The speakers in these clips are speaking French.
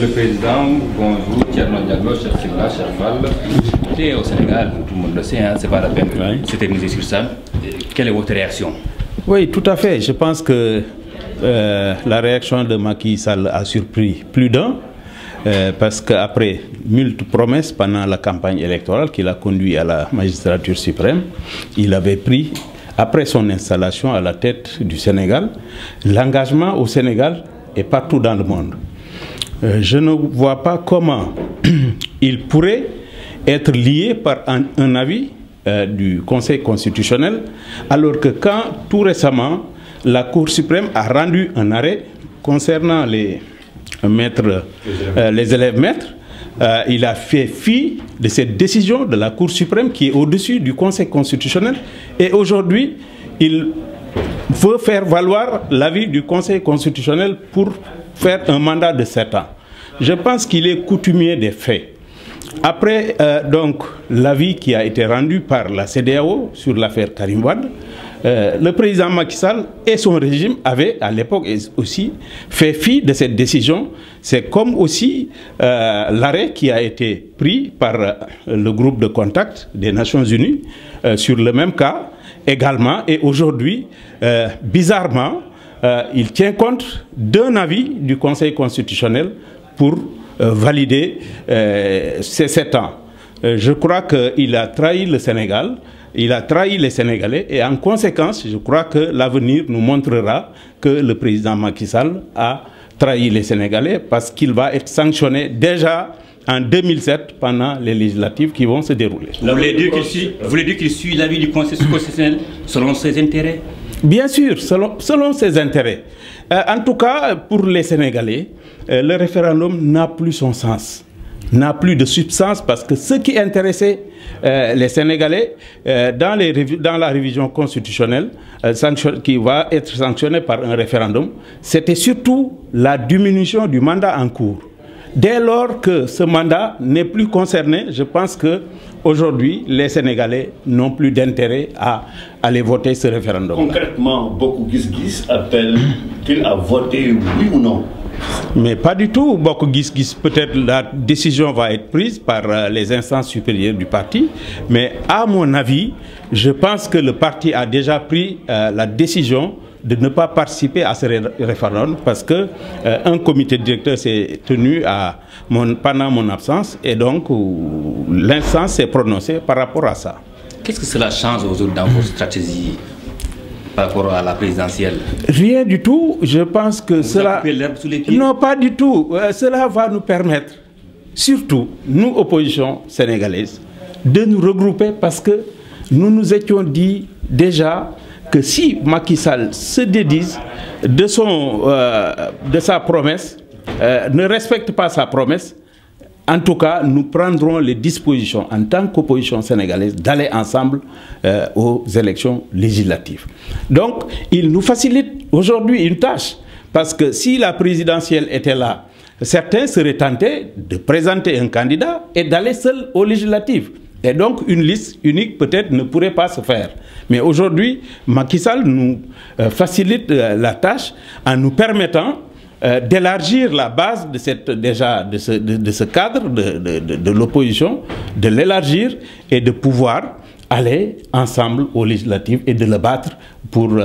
Monsieur le Président, bonjour, Thierno Diallo, cher Sibla, cher Val. au Sénégal, tout le monde le sait, hein, c'est pas la peine oui. C'est sur ça. Quelle est votre réaction Oui, tout à fait. Je pense que euh, la réaction de Macky Sall a surpris plus d'un. Euh, parce qu'après multiples promesses pendant la campagne électorale qu'il a conduit à la magistrature suprême, il avait pris, après son installation à la tête du Sénégal, l'engagement au Sénégal et partout dans le monde euh, je ne vois pas comment il pourrait être lié par un, avis euh, du Conseil constitutionnel, alors que quand tout récemment, la Cour suprême a rendu un arrêt concernant les, euh, maîtres, les élèves maîtres, il a fait fi de cette décision de la Cour suprême qui est au-dessus du Conseil constitutionnel. Et aujourd'hui, il veut faire valoir l'avis du Conseil constitutionnel pour faire un mandat de 7 ans. Je pense qu'il est coutumier des faits. Après euh, donc l'avis qui a été rendu par la CDAO sur l'affaire Karim Wad, euh, le président Macky Sall et son régime avaient à l'époque aussi fait fi de cette décision. C'est comme aussi euh, l'arrêt qui a été pris par le groupe de contact des Nations Unies sur le même cas également. Et aujourd'hui, euh, bizarrement, euh, il tient compte d'un avis du Conseil constitutionnel pour euh, valider ces sept ans. je crois qu'il a trahi le Sénégal, il a trahi les Sénégalais et en conséquence, je crois que l'avenir nous montrera que le président Macky Sall a trahi les Sénégalais parce qu'il va être sanctionné déjà en 2007 pendant les législatives qui vont se dérouler. Vous voulez dire qu'il suit, l'avis du Conseil constitutionnel selon ses intérêts Bien sûr, selon, ses intérêts. Euh, en tout cas, pour les Sénégalais, euh, le référendum n'a plus son sens, n'a plus de substance parce que ce qui intéressait euh, les Sénégalais dans, les, dans, la révision constitutionnelle qui va être sanctionnée par un référendum, c'était surtout la diminution du mandat en cours. Dès lors que ce mandat n'est plus concerné, je pense que aujourd'hui, les Sénégalais n'ont plus d'intérêt à aller voter ce référendum. Concrètement, beaucoup Gis appellent qu'il a voté oui ou non mais pas du tout. Beaucoup Gis Gis, peut-être la décision va être prise par euh, les instances supérieures du parti, mais à mon avis, je pense que le parti a déjà pris euh, la décision de ne pas participer à ce référendum parce que euh, un comité directeur s'est tenu pendant mon absence et donc euh, l'instance s'est prononcée par rapport à ça. Qu'est-ce que cela change aujourd'hui dans vos stratégies par rapport à la présidentielle Rien du tout. Je pense que cela... Sous non, pas du tout. Euh, cela va nous permettre, surtout nous, opposition sénégalaise, de nous regrouper parce que nous nous étions dit déjà que si Macky Sall se dédise de, son, euh, de sa promesse, euh, ne respecte pas sa promesse, en tout cas, nous prendrons les dispositions en tant qu'opposition sénégalaise d'aller ensemble euh, aux élections législatives. Donc, il nous facilite aujourd'hui une tâche, parce que si la présidentielle était là, certains seraient tentés de présenter un candidat et d'aller seul aux législatives. Et donc, une liste unique peut-être ne pourrait pas se faire. Mais aujourd'hui, Macky Sall nous euh, facilite euh, la tâche en nous permettant euh, d'élargir la base de, cette, déjà, de, ce, cadre de, l'opposition, de l'élargir et de pouvoir aller ensemble aux législatives et de le battre pour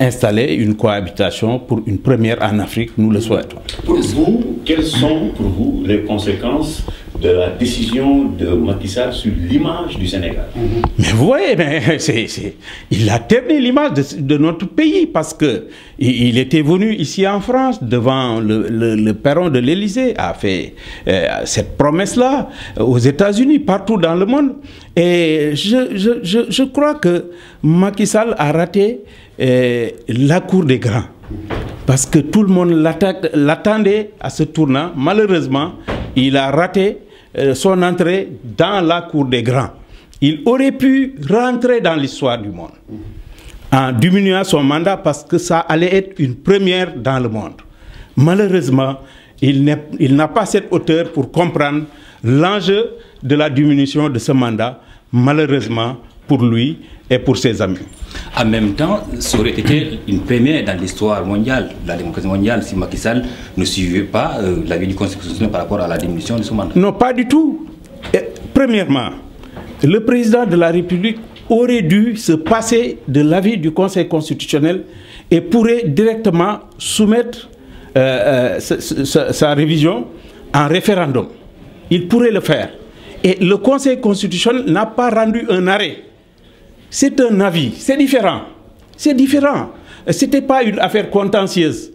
installer une cohabitation pour une première en Afrique, nous le souhaitons. Pour vous, quelles sont pour vous les conséquences de la décision de Macky Sall sur l'image du Sénégal. Mm-hmm. Mais vous voyez, il a terminé l'image de, notre pays parce que il, était venu ici en France devant le, le, perron de l'Élysée, a fait euh, cette promesse-là aux États-Unis, partout dans le monde. Et je, je, je, crois que Macky Sall a raté euh, la cour des grands. Parce que tout le monde l'attendait à ce tournant. Malheureusement, il a raté euh, son entrée dans la cour des grands. Il aurait pu rentrer dans l'histoire du monde en diminuant son mandat parce que ça allait être une première dans le monde. Malheureusement, il n'a pas cette hauteur pour comprendre l'enjeu de la diminution de ce mandat, malheureusement pour lui, et pour ses amis. En même temps, ça aurait été une première dans l'histoire mondiale, la démocratie mondiale, si Macky Sall ne suivait pas euh, l'avis du Conseil constitutionnel par rapport à la diminution de son mandat. Non, pas du tout. premièrement, le président de la République aurait dû se passer de l'avis du Conseil constitutionnel et pourrait directement soumettre euh, euh, sa révision en référendum. Il pourrait le faire. Et le Conseil constitutionnel n'a pas rendu un arrêt c'est un avis, c'est différent. C'est différent. Ce n'était pas une affaire contentieuse.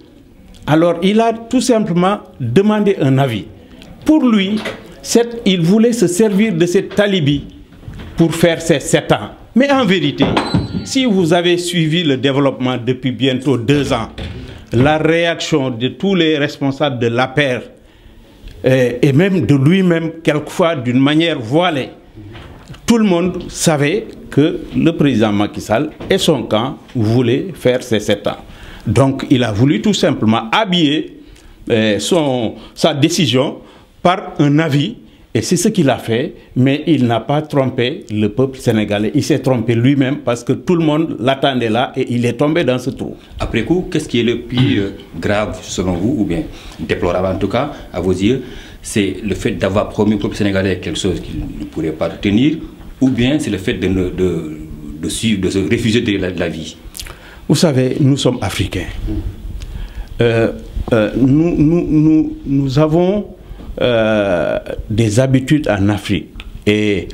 Alors il a tout simplement demandé un avis. Pour lui, il voulait se servir de cet alibi pour faire ses sept ans. Mais en vérité, si vous avez suivi le développement depuis bientôt deux ans, la réaction de tous les responsables de l'APER et même de lui-même, quelquefois d'une manière voilée, tout le monde savait que le président Macky Sall et son camp voulaient faire ces sept ans. Donc il a voulu tout simplement habiller eh, son, sa décision par un avis et c'est ce qu'il a fait, mais il n'a pas trompé le peuple sénégalais. Il s'est trompé lui-même parce que tout le monde l'attendait là et il est tombé dans ce trou. Après coup, qu'est-ce qui est le plus euh, grave selon vous, ou bien déplorable en tout cas, à vos yeux C'est le fait d'avoir promis au peuple sénégalais quelque chose qu'il ne pourrait pas tenir ou bien c'est le fait de, de, suivre, de se réfugier de la, vie Vous savez, nous sommes africains. Euh, euh, nous, nous, avons euh, des habitudes en Afrique et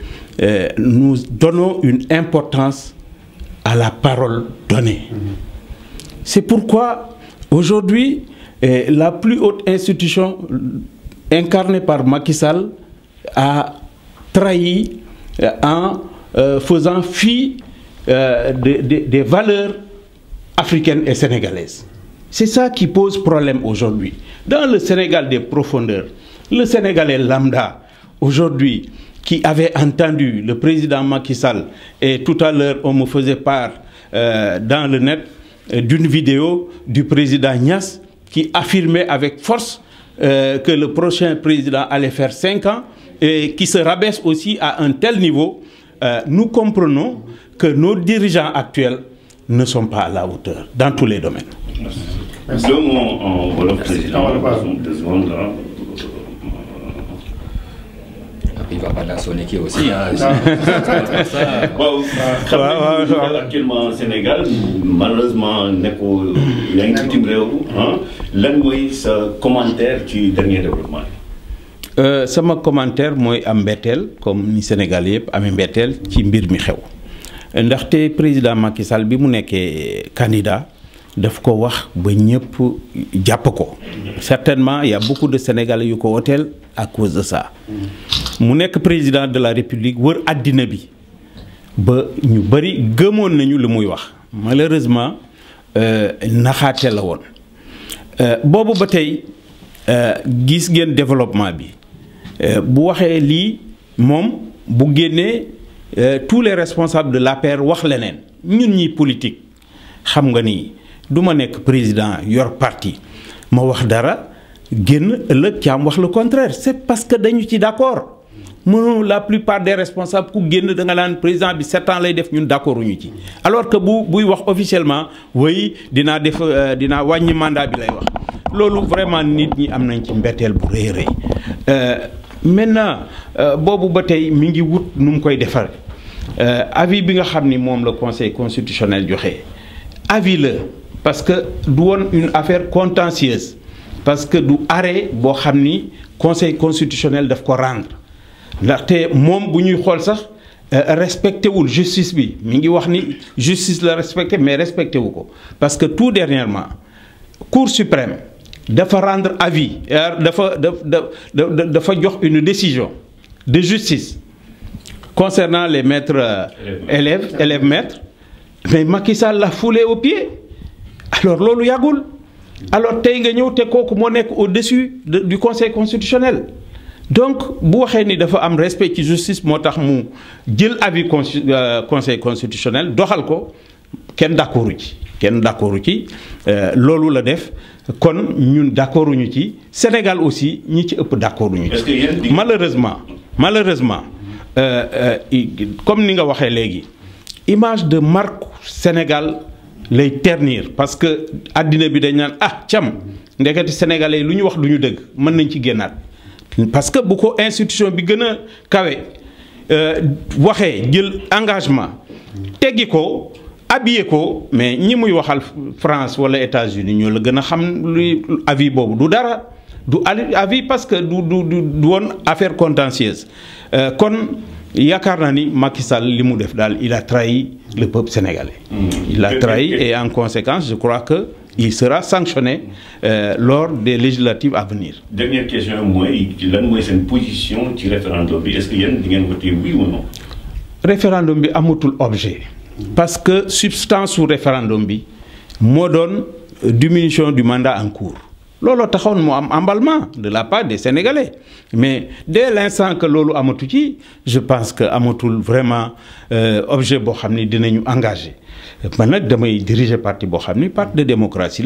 nous donnons une importance à la parole donnée. C'est pourquoi aujourd'hui, la plus haute institution incarnée par Macky Sall a trahi euh, en euh, faisant fi euh, des, valeurs africaines et sénégalaises. C'est ça qui pose problème aujourd'hui. Dans le Sénégal des profondeurs, le Sénégalais lambda, aujourd'hui, qui avait entendu le président Macky Sall, et tout à l'heure on me faisait part dans le net d'une vidéo du président Nias qui affirmait avec force que le prochain président allait faire 5 ans, et qui se rabaisse aussi à un tel niveau, euh, nous comprenons que nos dirigeants actuels ne sont pas à la hauteur dans tous les domaines. Merci. Deux mots en voilà, président. Deux secondes, là. Ah, il va pas dans son équipe aussi. Hein. actuellement au Sénégal, malheureusement, il y a une brèche. L'un de commentaire du dernier développement. Euh, sama commentaire mooy am mbetteel comme ni Sénégal yëpp amee mbetteel ci mbir mi xew ndaxte président Macky Sall bi mu nekkee candidat daf ko wax ba ñëpp jàpp ko certainement y a beaucoup de Sénégalais yu ko woteel à cause de ça mu nekk président de la République wër àddina bi ba ñu bëri gëmoon nañu lu muy wax malheureusement euh, naxaate la woon euh, boobu ba tey gis ngeen développement bi Euh, bu waxé li mom bu génnee euh, tous les responsables de paire wax leneen ñun ñi politique xam nga ni duma nek président yor parti ma wax dara génn ëllëg caam wax le contraire c'est parce que dañu ci d'accord mënu la plupart des responsables ku guen da nga lan président bi 7 ans lay def ñun d'accord ñu ci alors que bu buy wax officiellement oui dina def euh, dina wañi mandat bi lay wax lolu vraiment nit ñi am nañ ci mbettel bu rëy euh maintenant je euh, batay mi ngi wut num koy koy euh avis bi nga conseil constitutionnel joxé avis le, parce que du une affaire contentieuse parce que du arrêt le xamni conseil constitutionnel daf ko rendre L'arté mom buñuy xol ça, euh, respectez vous la justice bi mi ngi wax ni justice la respectée, mais respectez vous parce que tout dernièrement cour suprême dafa rendre avis euh, dafa dafa une décision de justice concernant les maîtres euh, élèves élèves maîtres mais Macky Sall la foulé au pied alors lolu yagoul alors tu nga ñëw té koku au-dessus du conseil constitutionnel donc bu waxé ni dafa am respect ci justice motax mu jël avis euh, conseil constitutionnel doxal ko ken d'accordu ci kenn d'accordu ci lolu la def kon ñun d'accordu ñu ci Sénégal aussi ñi ci ëpp d'accordu ñu ci malheureusement malheureusement euh, euh, comme ni nga waxé légui image de marque Sénégal lay ternir parce que adina bi dañ nan ah cham ndeketi sénégalais yi lu ñu wax du dëgg mën nañ ci gënaat parce que bu ko institution bi gëna kawé euh, waxé jël engagement téggiko habillé ko mais ñi muy waxal France wala États-Unis ñoo la gëna xam luy avis bobu du dara du avis parce que du du du won affaire contentieuse euh, kon yakarna ni Macky Sall def il a trahi le peuple sénégalais. Mmh. il a trahi et en conséquence je crois que. il sera sanctionné euh, lors des législatives à venir. Dernière question, moi, lan a une position du référendum est-ce qu'il y a une votée oui ou non. référendum bi amatul objet parce que substance ou référendum bi donne euh, diminution du mandat en cours Lolo taxone mu am emballement de la part des sénégalais mais dès l'instant que lolo amatu ci je pense que amatul vraiment euh, objet bo xamni dinañu engager man damay diriger parti bo de démocratie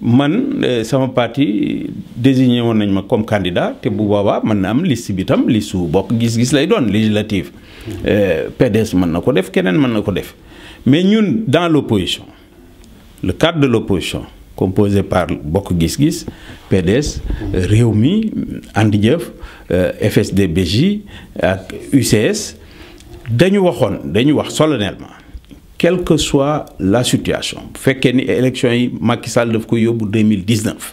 man eh, sama parti désigné mon nañ ma comme candidat té bu baba man na am liste bitam liste su bokk gis-gis lay doon euh, eh, PDS man nako def kenen man nako def mais ñun dans l'opposition le cadre de l'opposition composé par bokk gis-gis PDS Rewmi Andi eh, FSDBJ, UCS dañu waxone dañu wax solennellement quelle que soit la situation bu fekkee ni élection yi Macky Sall daf ko yóbbu 2019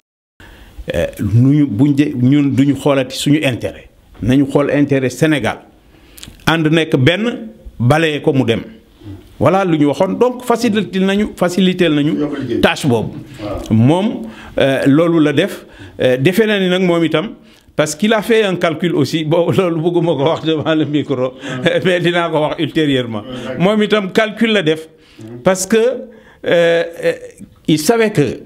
nuñu buñ de ñun duñu xoolati suñu intérêt nañu xool intérêt Sénégal ànd nek ben balayé ko mu dem voilà lu ñu donc faciliter nañu faciliter nañu tâche boobu moom euh, loolu la def euh, defee na ni nag moom parce qu'il a fait un calcul aussi Bon, le bëgguma wax devant le micro mais vais ko voir ultérieurement Moi, je calcule la def parce que euh, euh, il savait que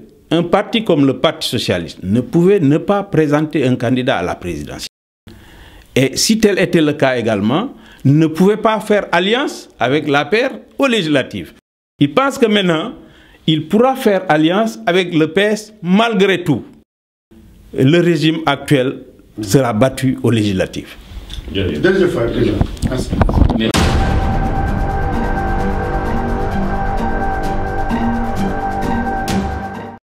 parti comme le parti socialiste ne pouvait ne pas présenter un candidat à la présidence. et si tel était le cas également ne pouvait pas faire alliance avec la paire au législative. il pense que maintenant il pourra faire alliance avec le PS malgré tout le régime actuel sera battu aux législatives. Deuxième fois, président. Merci.